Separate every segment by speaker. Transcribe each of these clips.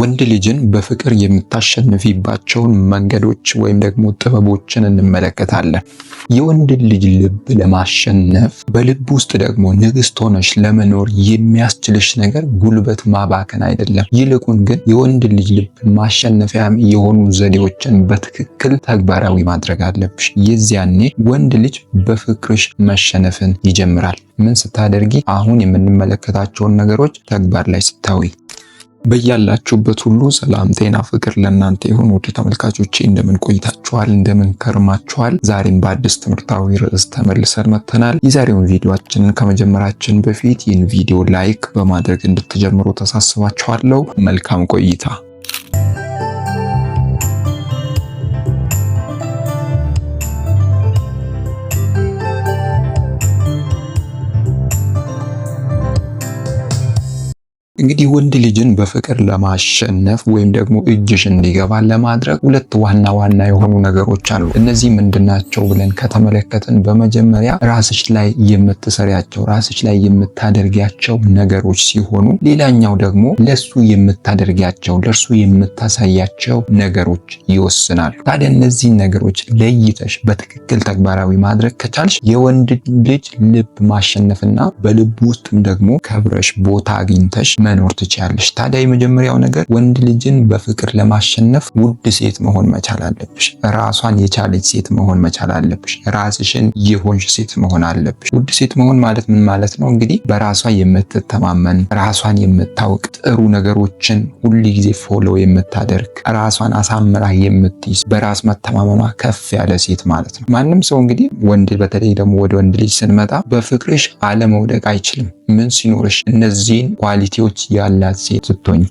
Speaker 1: ወንድ ልጅን በፍቅር የምታሸንፊባቸውን መንገዶች ወይም ደግሞ ጥበቦችን እንመለከታለን። የወንድ ልጅ ልብ ለማሸነፍ በልብ ውስጥ ደግሞ ንግስት ሆነሽ ለመኖር የሚያስችልሽ ነገር ጉልበት ማባከን አይደለም። ይልቁን ግን የወንድ ልጅ ልብ ማሸነፊያም የሆኑ ዘዴዎችን በትክክል ተግባራዊ ማድረግ አለብሽ። የዚያኔ ወንድ ልጅ በፍቅርሽ መሸነፍን ይጀምራል። ምን ስታደርጊ? አሁን የምንመለከታቸውን ነገሮች ተግባር ላይ ስታዊ በያላችሁበት ሁሉ ሰላም፣ ጤና፣ ፍቅር ለእናንተ ይሁን። ውድ ተመልካቾቼ እንደምን ቆይታችኋል? እንደምን ከርማችኋል? ዛሬም በአዲስ ትምህርታዊ ርዕስ ተመልሰን መጥተናል። የዛሬውን ቪዲዮችንን ከመጀመራችን በፊት ይህን ቪዲዮ ላይክ በማድረግ እንድትጀምሩ ተሳስባችኋለሁ። መልካም ቆይታ እንግዲህ ወንድ ልጅን በፍቅር ለማሸነፍ ወይም ደግሞ እጅሽ እንዲገባ ለማድረግ ሁለት ዋና ዋና የሆኑ ነገሮች አሉ። እነዚህ ምንድናቸው ብለን ከተመለከትን በመጀመሪያ ራስሽ ላይ የምትሰሪያቸው ራስሽ ላይ የምታደርጊያቸው ነገሮች ሲሆኑ፣ ሌላኛው ደግሞ ለሱ የምታደርጊያቸው ለእርሱ የምታሳያቸው ነገሮች ይወስናሉ። ታዲያ እነዚህ ነገሮች ለይተሽ በትክክል ተግባራዊ ማድረግ ከቻልሽ የወንድ ልጅ ልብ ማሸነፍና በልብ ውስጥም ደግሞ ከብረሽ ቦታ አግኝተሽ መኖር ትችያለሽ። ታዲያ የመጀመሪያው ነገር ወንድ ልጅን በፍቅር ለማሸነፍ ውድ ሴት መሆን መቻል አለብሽ። ራሷን የቻለች ሴት መሆን መቻል አለብሽ። ራስሽን የሆንሽ ሴት መሆን አለብሽ። ውድ ሴት መሆን ማለት ምን ማለት ነው? እንግዲህ በራሷ የምትተማመን ራሷን የምታውቅ ጥሩ ነገሮችን ሁል ጊዜ ፎሎ የምታደርግ ራሷን አሳምራ የምትይዝ በራስ መተማመኗ ከፍ ያለ ሴት ማለት ነው። ማንም ሰው እንግዲህ ወንድ በተለይ ደግሞ ወደ ወንድ ልጅ ስንመጣ በፍቅርሽ አለመውደቅ አይችልም። ምን ሲኖርሽ እነዚህን ኳሊቲዎች ያላት ሴት ስትሆኝ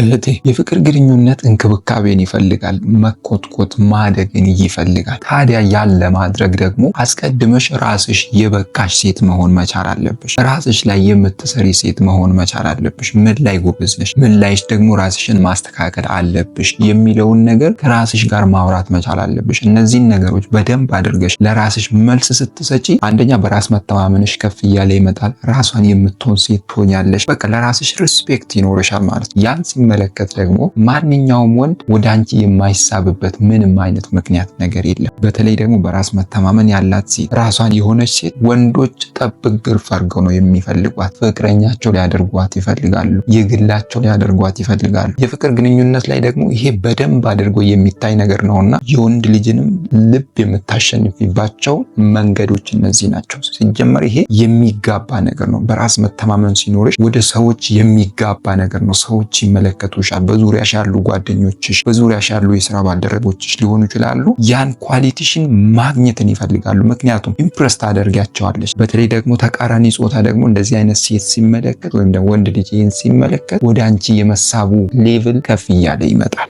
Speaker 1: እህቴ የፍቅር ግንኙነት እንክብካቤን ይፈልጋል፣ መኮትኮት ማደግን ይፈልጋል። ታዲያ ያለ ማድረግ ደግሞ አስቀድመሽ ራስሽ የበቃሽ ሴት መሆን መቻል አለብሽ። ራስሽ ላይ የምትሰሪ ሴት መሆን መቻል አለብሽ። ምን ላይ ጎበዝ ነሽ፣ ምን ላይሽ ደግሞ ራስሽን ማስተካከል አለብሽ የሚለውን ነገር ከራስሽ ጋር ማውራት መቻል አለብሽ። እነዚህን ነገሮች በደንብ አድርገሽ ለራስሽ መልስ ስትሰጪ፣ አንደኛ በራስ መተማመንሽ ከፍ እያለ ይመጣል። ራሷን የምትሆን ሴት ትሆኛለሽ። በቃ ለራስሽ ሪስፔክት ይኖርሻል ማለት ያን ስመለከት ደግሞ ማንኛውም ወንድ ወደ አንቺ የማይሳብበት ምንም አይነት ምክንያት ነገር የለም። በተለይ ደግሞ በራስ መተማመን ያላት ሴት፣ ራሷን የሆነች ሴት ወንዶች ጠብቅ ግርፍ አድርገው ነው የሚፈልጓት። ፍቅረኛቸው ሊያደርጓት ይፈልጋሉ። የግላቸው ሊያደርጓት ይፈልጋሉ። የፍቅር ግንኙነት ላይ ደግሞ ይሄ በደንብ አድርጎ የሚታይ ነገር ነውና የወንድ ልጅንም ልብ የምታሸንፊባቸው መንገዶች እነዚህ ናቸው። ሲጀመር ይሄ የሚጋባ ነገር ነው። በራስ መተማመን ሲኖርሽ ወደ ሰዎች የሚጋባ ነገር ነው። ሰዎች ይመለ ሊመለከቱሻል፣ በዙሪያሽ ያሉ ጓደኞችሽ፣ በዙሪያሽ ያሉ የስራ ባልደረቦችሽ ሊሆኑ ይችላሉ። ያን ኳሊቲሽን ማግኘትን ይፈልጋሉ። ምክንያቱም ኢምፕረስ ታደርጋቸዋለች። በተለይ ደግሞ ተቃራኒ ጾታ ደግሞ እንደዚህ አይነት ሴት ሲመለከት ወይም ደግሞ ወንድ ልጅ ይህን ሲመለከት ወደ አንቺ የመሳቡ ሌቭል ከፍ እያለ ይመጣል።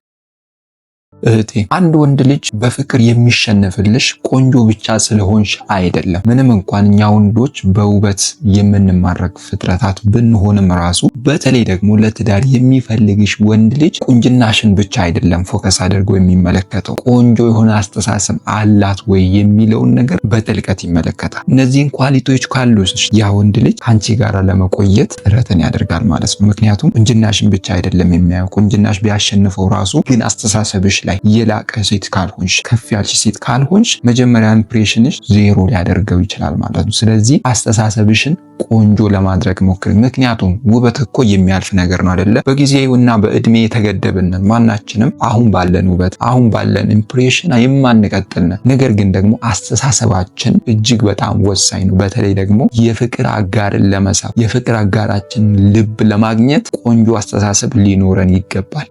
Speaker 1: እህቴ አንድ ወንድ ልጅ በፍቅር የሚሸነፍልሽ ቆንጆ ብቻ ስለሆንሽ አይደለም። ምንም እንኳን እኛ ወንዶች በውበት የምንማረክ ፍጥረታት ብንሆንም ራሱ በተለይ ደግሞ ለትዳር የሚፈልግሽ ወንድ ልጅ ቁንጅናሽን ብቻ አይደለም ፎከስ አድርጎ የሚመለከተው ቆንጆ የሆነ አስተሳሰብ አላት ወይ የሚለውን ነገር በጥልቀት ይመለከታል። እነዚህን ኳሊቲዎች ካሉሽ ያ ወንድ ልጅ ከአንቺ ጋር ለመቆየት ጥረትን ያደርጋል ማለት ነው። ምክንያቱም ቁንጅናሽን ብቻ አይደለም የሚያየው። ቁንጅናሽ ቢያሸንፈው ራሱ ግን አስተሳሰብሽ ላይ የላቀ ሴት ካልሆንሽ፣ ከፍ ያልሽ ሴት ካልሆንሽ መጀመሪያ ኢምፕሬሽንሽ ዜሮ ሊያደርገው ይችላል ማለት ነው። ስለዚህ አስተሳሰብሽን ቆንጆ ለማድረግ ሞክር። ምክንያቱም ውበት እኮ የሚያልፍ ነገር ነው አይደለ? በጊዜውና በእድሜ የተገደብን ማናችንም አሁን ባለን ውበት አሁን ባለን ኢምፕሬሽን የማንቀጥልን። ነገር ግን ደግሞ አስተሳሰባችን እጅግ በጣም ወሳኝ ነው። በተለይ ደግሞ የፍቅር አጋርን ለመሳብ የፍቅር አጋራችን ልብ ለማግኘት ቆንጆ አስተሳሰብ ሊኖረን ይገባል።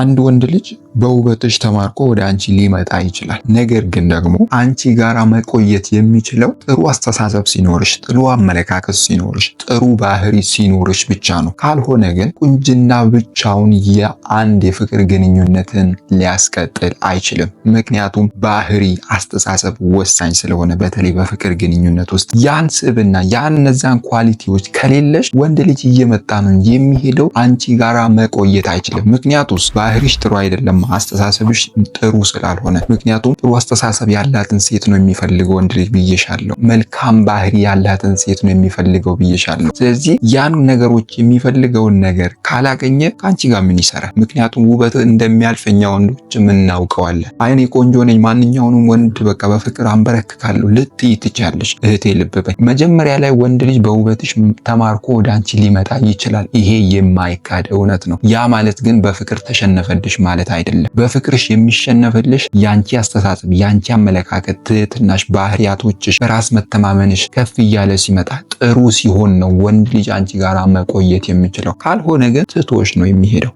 Speaker 1: አንድ ወንድ ልጅ በውበትሽ ተማርኮ ወደ አንቺ ሊመጣ ይችላል። ነገር ግን ደግሞ አንቺ ጋራ መቆየት የሚችለው ጥሩ አስተሳሰብ ሲኖርሽ፣ ጥሩ አመለካከት ሲኖርሽ፣ ጥሩ ባህሪ ሲኖርሽ ብቻ ነው። ካልሆነ ግን ቁንጅና ብቻውን የአንድ የፍቅር ግንኙነትን ሊያስቀጥል አይችልም። ምክንያቱም ባህሪ፣ አስተሳሰብ ወሳኝ ስለሆነ በተለይ በፍቅር ግንኙነት ውስጥ ያን ስብና ያን እነዚያን ኳሊቲዎች ከሌለሽ ወንድ ልጅ እየመጣ ነው የሚሄደው አንቺ ጋራ መቆየት አይችልም። ምክንያቱስ ባህሪሽ ጥሩ አይደለም አስተሳሰብሽ ጥሩ ስላልሆነ። ምክንያቱም ጥሩ አስተሳሰብ ያላትን ሴት ነው የሚፈልገው ወንድ ልጅ ብዬሻለሁ። መልካም ባህሪ ያላትን ሴት ነው የሚፈልገው ብዬሻለሁ። ስለዚህ ያን ነገሮች የሚፈልገውን ነገር ካላገኘ ከአንቺ ጋር ምን ይሰራ? ምክንያቱም ውበት እንደሚያልፍ እኛ ወንዶችም እናውቀዋለን። አይኔ ቆንጆ ነኝ፣ ማንኛውንም ወንድ በቃ በፍቅር አንበረክካለሁ ልትይ ትቻለሽ። እህቴ ልብ በይ፣ መጀመሪያ ላይ ወንድ ልጅ በውበትሽ ተማርኮ ወደ አንቺ ሊመጣ ይችላል። ይሄ የማይካድ እውነት ነው። ያ ማለት ግን በፍቅር ተሸነፈልሽ ማለት አይደለም። አይደለም። በፍቅርሽ የሚሸነፍልሽ ያንቺ አስተሳሰብ፣ ያንቺ አመለካከት፣ ትህትናሽ፣ ባህሪያቶችሽ፣ በራስ መተማመንሽ ከፍ እያለ ሲመጣ ጥሩ ሲሆን ነው ወንድ ልጅ አንቺ ጋር መቆየት የሚችለው። ካልሆነ ግን ትቶሽ ነው የሚሄደው።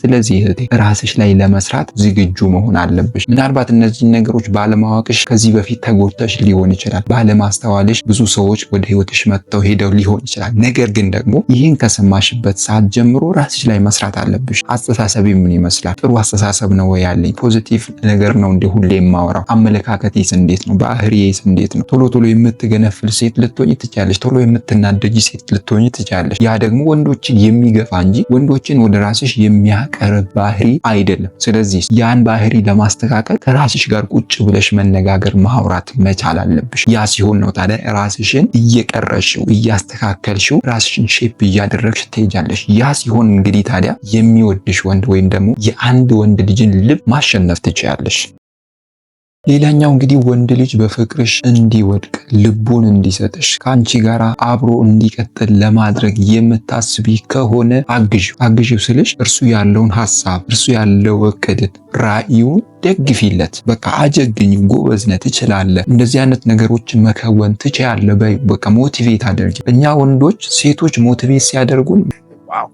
Speaker 1: ስለዚህ እህቴ ራስሽ ላይ ለመስራት ዝግጁ መሆን አለብሽ። ምናልባት እነዚህን ነገሮች ባለማወቅሽ ከዚህ በፊት ተጎድተሽ ሊሆን ይችላል። ባለማስተዋልሽ ብዙ ሰዎች ወደ ህይወትሽ መጥተው ሄደው ሊሆን ይችላል። ነገር ግን ደግሞ ይህን ከሰማሽበት ሰዓት ጀምሮ ራስሽ ላይ መስራት አለብሽ። አስተሳሰቤ ምን ይመስላል? ጥሩ አስተሳሰብ ነው ወይ ያለኝ? ፖዚቲቭ ነገር ነው እንዴ ሁሌ የማወራው? አመለካከቴስ እንዴት ነው? ባህሪዬስ እንዴት ነው? ቶሎ ቶሎ የምትገነፍል ሴት ልትሆኝ ትችያለሽ። ቶሎ የምትናደጅ ሴት ልትሆኝ ትችያለሽ። ያ ደግሞ ወንዶችን የሚገፋ እንጂ ወንዶችን ወደ ራስሽ የሚያ የሚቀራረብ ባህሪ አይደለም። ስለዚህ ያን ባህሪ ለማስተካከል ከራስሽ ጋር ቁጭ ብለሽ መነጋገር፣ ማውራት መቻል አለብሽ። ያ ሲሆን ነው ታዲያ ራስሽን እየቀረሽው እያስተካከልሽው ራስሽን ሼፕ እያደረግሽ ትሄጃለሽ። ያ ሲሆን እንግዲህ ታዲያ የሚወድሽ ወንድ ወይም ደግሞ የአንድ ወንድ ልጅን ልብ ማሸነፍ ትችያለሽ። ሌላኛው እንግዲህ ወንድ ልጅ በፍቅርሽ እንዲወድቅ ልቡን እንዲሰጥሽ ከአንቺ ጋር አብሮ እንዲቀጥል ለማድረግ የምታስቢ ከሆነ አግዥ አግዥው ስልሽ እርሱ ያለውን ሀሳብ እርሱ ያለው እቅድን ራእዩን ደግፊለት። በቃ አጀግኝ፣ ጎበዝነ፣ ትችላለ፣ እንደዚህ አይነት ነገሮችን መከወን ትችያለ። በቃ ሞቲቬት አድርጊ። እኛ ወንዶች ሴቶች ሞቲቬት ሲያደርጉን
Speaker 2: ዋው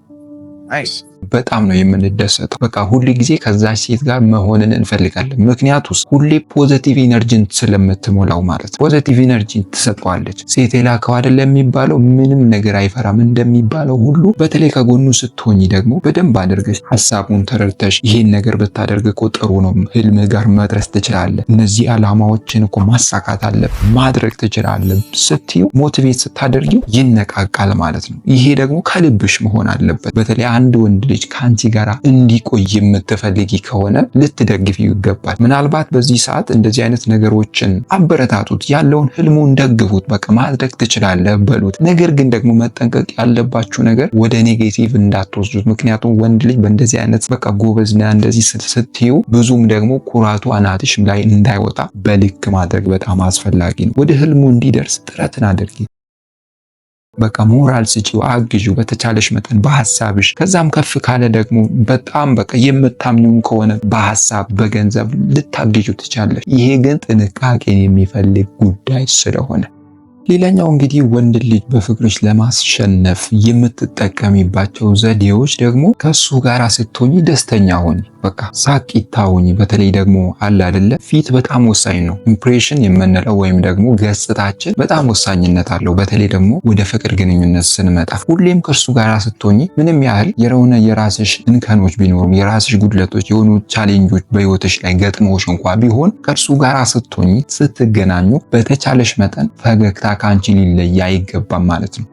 Speaker 2: ናይስ
Speaker 1: በጣም ነው የምንደሰተው። በቃ ሁል ጊዜ ከዛች ሴት ጋር መሆንን እንፈልጋለን። ምክንያቱ ሁሌ ፖዘቲቭ ኢነርጂን ስለምትሞላው ማለት ነው። ፖዘቲቭ ኢነርጂን ትሰጠዋለች። ሴት የላከው አይደለም የሚባለው ምንም ነገር አይፈራም እንደሚባለው ሁሉ በተለይ ከጎኑ ስትሆኝ ደግሞ በደንብ አድርገሽ ሀሳቡን ተረድተሽ ይሄን ነገር ብታደርግ እኮ ጥሩ ነው፣ ህልምህ ጋር መድረስ ትችላለህ፣ እነዚህ አላማዎችን እኮ ማሳካት አለብህ፣ ማድረግ ትችላለህ ስትዩ ሞቲቬት ስታደርጊው ይነቃቃል ማለት ነው። ይሄ ደግሞ ከልብሽ መሆን አለበት። በተለይ አንድ ወንድ ልጅ ከአንቺ ጋር እንዲቆይ የምትፈልጊ ከሆነ ልትደግፊ ይገባል። ምናልባት በዚህ ሰዓት እንደዚህ አይነት ነገሮችን አበረታቱት፣ ያለውን ህልሙን ደግፉት። በቃ ማድረግ ትችላለህ በሉት። ነገር ግን ደግሞ መጠንቀቅ ያለባችሁ ነገር ወደ ኔጌቲቭ እንዳትወስዱት። ምክንያቱም ወንድ ልጅ በእንደዚህ አይነት በቃ ጎበዝና እንደዚህ ስትዩ ብዙም ደግሞ ኩራቱ አናትሽ ላይ እንዳይወጣ በልክ ማድረግ በጣም አስፈላጊ ነው። ወደ ህልሙ እንዲደርስ ጥረትን አድርጊ። በቃ ሞራል ስጪው፣ አግዢው በተቻለሽ መጠን በሀሳብሽ። ከዛም ከፍ ካለ ደግሞ በጣም በቃ የምታምኙም ከሆነ በሀሳብ በገንዘብ ልታግጁ ትቻለሽ። ይሄ ግን ጥንቃቄን የሚፈልግ ጉዳይ ስለሆነ ሌላኛው እንግዲህ ወንድ ልጅ በፍቅርሽ ለማስሸነፍ የምትጠቀሚባቸው ዘዴዎች ደግሞ ከሱ ጋር ስትሆኚ ደስተኛ ሆኚ በቃ ሳቅ ሁኚ። በተለይ ደግሞ አለ አይደለ ፊት በጣም ወሳኝ ነው። ኢምፕሬሽን የምንለው ወይም ደግሞ ገጽታችን በጣም ወሳኝነት አለው። በተለይ ደግሞ ወደ ፍቅር ግንኙነት ስንመጣ ሁሌም ከእርሱ ጋር ስትሆኝ ምንም ያህል የሆነ የራስሽ እንከኖች ቢኖሩም የራስሽ ጉድለቶች የሆኑ ቻሌንጆች በህይወትሽ ላይ ገጥሞች እንኳ ቢሆን ከእርሱ ጋር ስትሆኝ ስትገናኙ በተቻለሽ መጠን ፈገግታ ከአንቺ ሊለይ አይገባም ማለት ነው።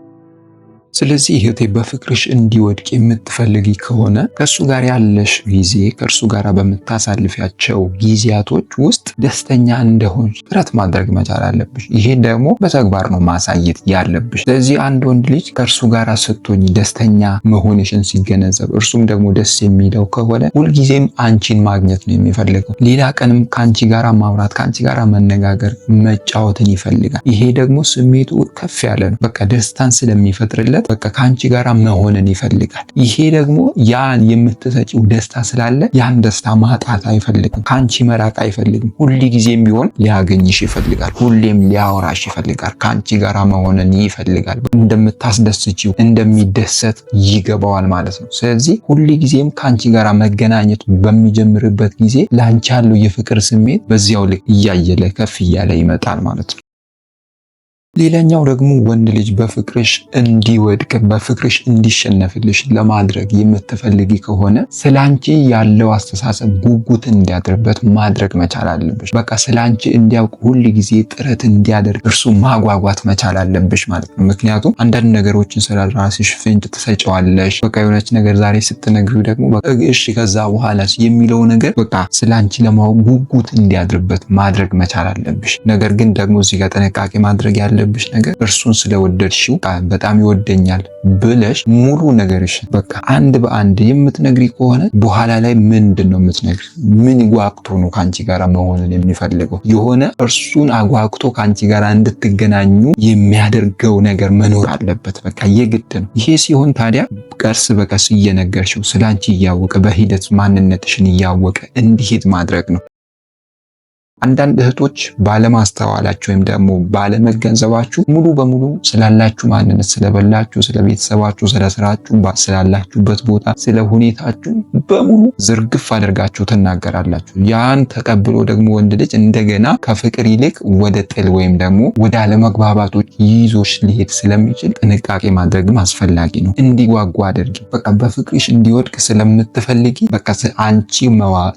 Speaker 1: ስለዚህ እህቴ በፍቅርሽ እንዲወድቅ የምትፈልጊ ከሆነ ከእሱ ጋር ያለሽ ጊዜ ከእርሱ ጋር በምታሳልፊያቸው ጊዜያቶች ውስጥ ደስተኛ እንደሆንሽ ጥረት ማድረግ መቻል አለብሽ። ይሄ ደግሞ በተግባር ነው ማሳየት ያለብሽ። ስለዚህ አንድ ወንድ ልጅ ከእርሱ ጋር ስትሆኝ ደስተኛ መሆንሽን ሲገነዘብ፣ እርሱም ደግሞ ደስ የሚለው ከሆነ ሁልጊዜም አንቺን ማግኘት ነው የሚፈልገው። ሌላ ቀንም ከአንቺ ጋር ማውራት፣ ከአንቺ ጋር መነጋገር፣ መጫወትን ይፈልጋል። ይሄ ደግሞ ስሜቱ ከፍ ያለ ነው። በቃ ደስታን ስለሚፈጥርለት ማለት በቃ ከአንቺ ጋር መሆንን ይፈልጋል። ይሄ ደግሞ ያን የምትሰጪው ደስታ ስላለ ያን ደስታ ማጣት አይፈልግም። ከአንቺ መራቅ አይፈልግም። ሁል ጊዜም ቢሆን ሊያገኝሽ ይፈልጋል። ሁሌም ሊያወራሽ ይፈልጋል። ከአንቺ ጋር መሆንን ይፈልጋል። እንደምታስደስችው እንደሚደሰት ይገባዋል ማለት ነው። ስለዚህ ሁል ጊዜም ከአንቺ ጋር መገናኘቱ በሚጀምርበት ጊዜ ለአንቺ ያለው የፍቅር ስሜት በዚያው ልክ እያየለ ከፍ እያለ ይመጣል ማለት ነው። ሌላኛው ደግሞ ወንድ ልጅ በፍቅርሽ እንዲወድቅ በፍቅርሽ እንዲሸነፍልሽ ለማድረግ የምትፈልጊ ከሆነ ስላንቺ ያለው አስተሳሰብ ጉጉት እንዲያድርበት ማድረግ መቻል አለብሽ። በቃ ስላንቺ እንዲያውቅ ሁል ጊዜ ጥረት እንዲያደርግ እርሱ ማጓጓት መቻል አለብሽ ማለት ነው። ምክንያቱም አንዳንድ ነገሮችን ስለ ራስሽ ፍንጭ ትሰጫዋለሽ። በቃ የሆነች ነገር ዛሬ ስትነግሪው ደግሞ እሺ ከዛ በኋላ የሚለው ነገር በቃ ስላንቺ ለማወቅ ጉጉት እንዲያድርበት ማድረግ መቻል አለብሽ። ነገር ግን ደግሞ እዚህ ጋር ጥንቃቄ ማድረግ ያለ ያለብሽ ነገር እርሱን ስለወደድሽው በጣም ይወደኛል ብለሽ ሙሉ ነገርሽን በቃ አንድ በአንድ የምትነግሪ ከሆነ በኋላ ላይ ምንድን ነው የምትነግሪ? ምን ጓግቶ ነው ከአንቺ ጋር መሆንን የሚፈልገው? የሆነ እርሱን አጓግቶ ከአንቺ ጋር እንድትገናኙ የሚያደርገው ነገር መኖር አለበት። በቃ የግድ ነው። ይሄ ሲሆን ታዲያ ቀስ በቀስ እየነገርሽው ስለ አንቺ እያወቀ በሂደት ማንነትሽን እያወቀ እንዲሄድ ማድረግ ነው። አንዳንድ እህቶች ባለማስተዋላችሁ ወይም ደግሞ ባለመገንዘባችሁ ሙሉ በሙሉ ስላላችሁ ማንነት፣ ስለበላችሁ፣ ስለቤተሰባችሁ ስለስራችሁ ስላላችሁበት ቦታ፣ ስለ ሁኔታችሁ በሙሉ ዝርግፍ አድርጋችሁ ትናገራላችሁ። ያን ተቀብሎ ደግሞ ወንድ ልጅ እንደገና ከፍቅር ይልቅ ወደ ጥል ወይም ደግሞ ወደ አለመግባባቶች ይዞች ሊሄድ ስለሚችል ጥንቃቄ ማድረግም አስፈላጊ ነው። እንዲጓጓ አድርጊ። በቃ በፍቅርሽ እንዲወድቅ ስለምትፈልጊ በቃ አንቺ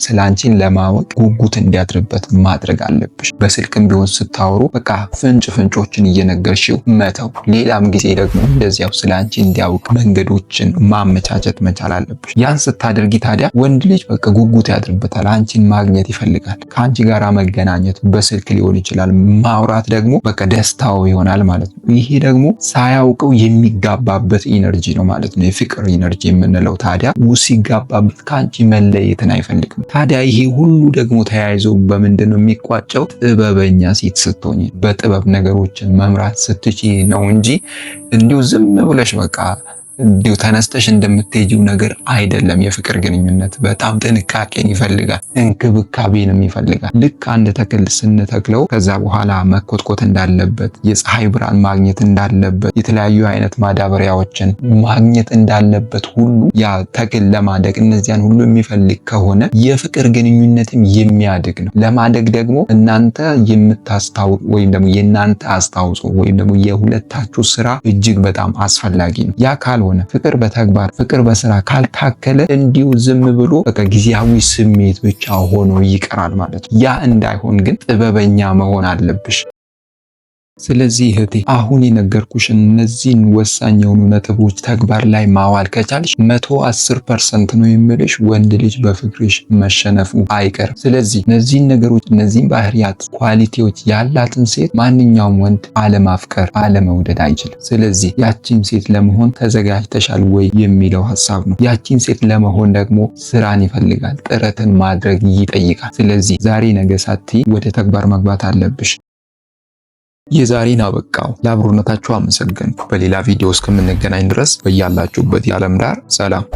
Speaker 1: ስለ አንቺን ለማወቅ ጉጉት እንዲያድርበት ማድረግ አለብሽ። በስልክም ቢሆን ስታወሩ በቃ ፍንጭ ፍንጮችን እየነገርሽው መተው። ሌላም ጊዜ ደግሞ እንደዚያው ስለ አንቺ እንዲያውቅ መንገዶችን ማመቻቸት መቻል አለብሽ። ያን ስታደርጊ ታዲያ ወንድ ልጅ በቃ ጉጉት ያድርበታል። አንቺን ማግኘት ይፈልጋል። ከአንቺ ጋራ መገናኘት በስልክ ሊሆን ይችላል። ማውራት ደግሞ በቃ ደስታው ይሆናል ማለት ነው። ይሄ ደግሞ ሳያውቀው የሚጋባበት ኢነርጂ ነው ማለት ነው። የፍቅር ኢነርጂ የምንለው ታዲያ ሲጋባበት ከአንቺ መለየትን አይፈልግም። ታዲያ ይሄ ሁሉ ደግሞ ተያይዞ በምንድን የሚቋጨው ጥበበኛ ሴት ስትሆኝ በጥበብ ነገሮችን መምራት ስትች ነው እንጂ እንዲሁ ዝም ብለሽ በቃ እንዲሁ ተነስተሽ እንደምትሄጂው ነገር አይደለም። የፍቅር ግንኙነት በጣም ጥንቃቄን ይፈልጋል፣ እንክብካቤንም ይፈልጋል። ልክ አንድ ተክል ስንተክለው ከዛ በኋላ መኮትኮት እንዳለበት፣ የፀሐይ ብርሃን ማግኘት እንዳለበት፣ የተለያዩ አይነት ማዳበሪያዎችን ማግኘት እንዳለበት ሁሉ ያ ተክል ለማደግ እነዚያን ሁሉ የሚፈልግ ከሆነ የፍቅር ግንኙነትም የሚያድግ ነው። ለማደግ ደግሞ እናንተ የምታስታው ወይም ደግሞ የእናንተ አስታውጾ ወይም ደግሞ የሁለታችሁ ስራ እጅግ በጣም አስፈላጊ ነው። ያ ካልሆነ ካልሆነ ፍቅር በተግባር ፍቅር በስራ ካልታከለ እንዲሁ ዝም ብሎ በቃ ጊዜያዊ ስሜት ብቻ ሆኖ ይቀራል ማለት ነው። ያ እንዳይሆን ግን ጥበበኛ መሆን አለብሽ። ስለዚህ እህቴ አሁን የነገርኩሽን እነዚህን ወሳኝ የሆኑ ነጥቦች ተግባር ላይ ማዋል ከቻልሽ መቶ አስር ፐርሰንት ነው የምልሽ ወንድ ልጅ በፍቅርሽ መሸነፉ አይቀርም። ስለዚህ እነዚህን ነገሮች እነዚህን ባህሪያት ኳሊቲዎች ያላትን ሴት ማንኛውም ወንድ አለማፍቀር አለመውደድ አይችልም። ስለዚህ ያቺን ሴት ለመሆን ተዘጋጅተሻል ወይ የሚለው ሀሳብ ነው። ያቺን ሴት ለመሆን ደግሞ ስራን ይፈልጋል፣ ጥረትን ማድረግ ይጠይቃል። ስለዚህ ዛሬ ነገ ሳትይ ወደ ተግባር መግባት አለብሽ። የዛሬን አበቃው። ለአብሮነታችሁ አመሰገንኩ። በሌላ ቪዲዮ እስከምንገናኝ ድረስ በያላችሁበት የዓለም ዳር ሰላም